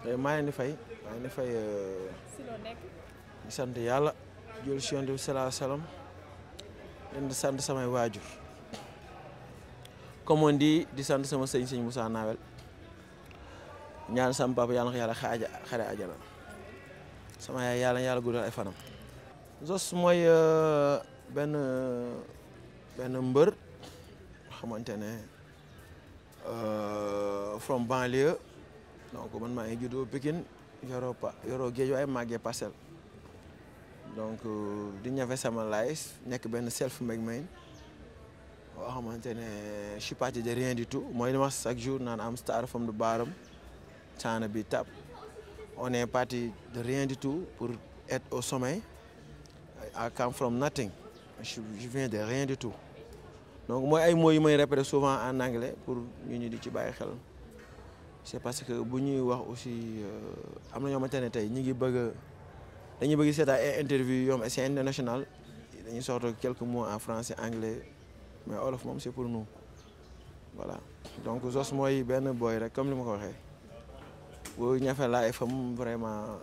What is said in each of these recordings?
Eh, maa ngi ni fay maa ngi ni fay. Eh, sant yàlla. jël si yonent bi salaam. leen sant samay waajur. comme di sant sama sëñ sëñ Moussa Nawel ñaan sama papa yàlla na ko yàlla xare ajana sama yaay yàlla yàlla guddal ay fanam. Zoss mooy eh, benn benn mbër xamante ne from donc man maa ngi juddoo Pikine yoroo pa yoroo géej waaye màggee parcelle donc euh, di ñafe sama life nekk benn self made may boo xamante ne je suis parti de rien du tout mooy li ma chaque jour naan am star from the bottom caana bi tap on est parti de rien du tout pour et au sommet I come from nothing je viens de rien du tout donc mooy ay mots yu may répéter souvent en anglais pour ñu ñu di ci bàyyi xel. c'est parce que bu ñuy wax aussi euh, am na ñoo xamante ne tey ñu ngi bëgg a dañuy bëgg seetaan ay interview yoom c'est international dañuy soxla quelques mois en français anglais mais olof moom c'est pour nous voilà donc Zoss mooy benn booy rek comme li ma ko waxee boo ñafe laay fam vraiment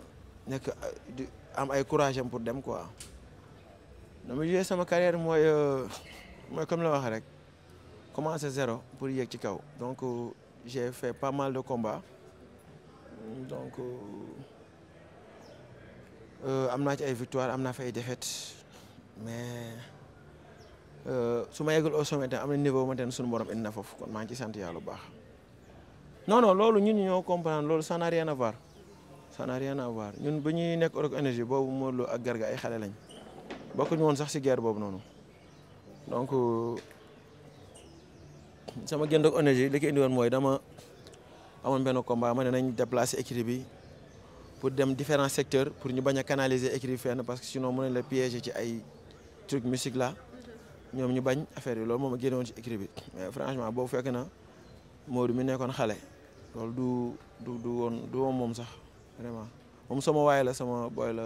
nekk di ay courage pour dem quoi na mu joué sama mooy euh, mooy comme la waxee rek commencer zéro pour yéeg ci kaw euh, j'ai fait pas mal de combats donc euh, euh, am naa ci ay am naa fi ay mais euh, su ma yeggul au am na niveau bu ma tey suñu borom na foofu kon maa ngi ci sant yàlla bu baax no non loolu ñun ñoo comprendre loolu ça n'a rien à voir ça n'a rien ñun bu ñuy nekk Rock Énergie boobu Modou Lo ak Garga ay xale lañ bokkuñu woon sax si guerre boobu noonu donc. sama gën ak énergie li ko indi woon mooy dama amoon benn combat ma ne nañ déplacer équipe bi pour dem différents secteurs pour ñu bañ a canaliser équipe bi fenn parce que sinon mën nañ la piéger ci ay truc musique la ñoom ñu bañ affaire yi loolu moom a génne woon ci équipe bi mais franchement boobu fekk na Modou mi nekkoon xale loolu du du du woon du moom sax vraiment moom sama waay la sama boy la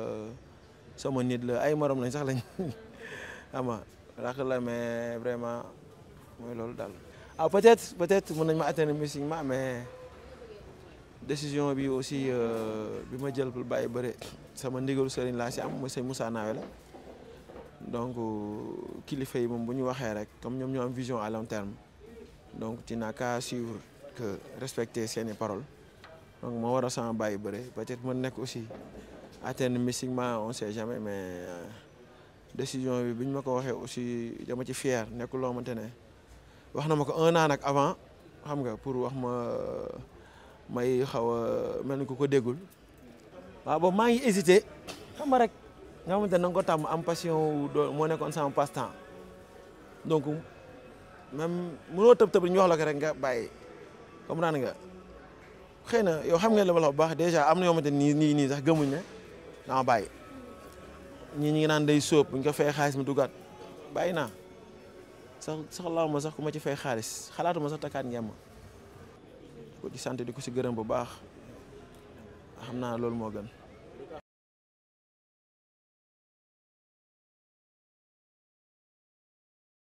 sama nit la ay moroom lañ sax lañ ama rakk la mais vraiment mooy loolu daal ah peut être peut être mën nañ ma atteindre mystiquement mais décision bi aussi euh, bi ma jël pour bàyyi bëre sama ndigalu sëriñ laa si am mooy sëñ Moussa Nawel donc euh, kilifa yi moom bu ñu waxee rek comme ñoom ñoo am vision à long terme donc tu naa qu'à suivre que respecter seeni paroles donc moo war a sama bàyyi bëre peut être nekk aussi atteindre mystiquement on sait jamais mais euh, décision bi bu ñu ma ko waxee aussi dama ci fier nekk loo xamante ne. wax na ma ko un an nag avant xam nga pour wax ma may xaw a mel ni ku ko déggul waaw boobu maa ngi hésité xam nga rek nga xamante ne nga ko tàmm am passion wu moo nekkoon sama passe temps donc même mënoo tëb tëb ñu wax la ko rek nga bàyyi comprendre nga xëy na yow xam nga li ma la wax bu baax déjà am na yoo xamante ni nii nii sax gëmuñ ne dama bàyyi ñii ñi ngi naan day sóob bu ko fay xaalis mi dugaat bàyyi naa. sax soxlaawu ma sax ku ma ci fay xaalis xalaatu ma sax takkaat ngeen ma ko ci sant di ko si gërëm bu baax xam naa loolu moo gën.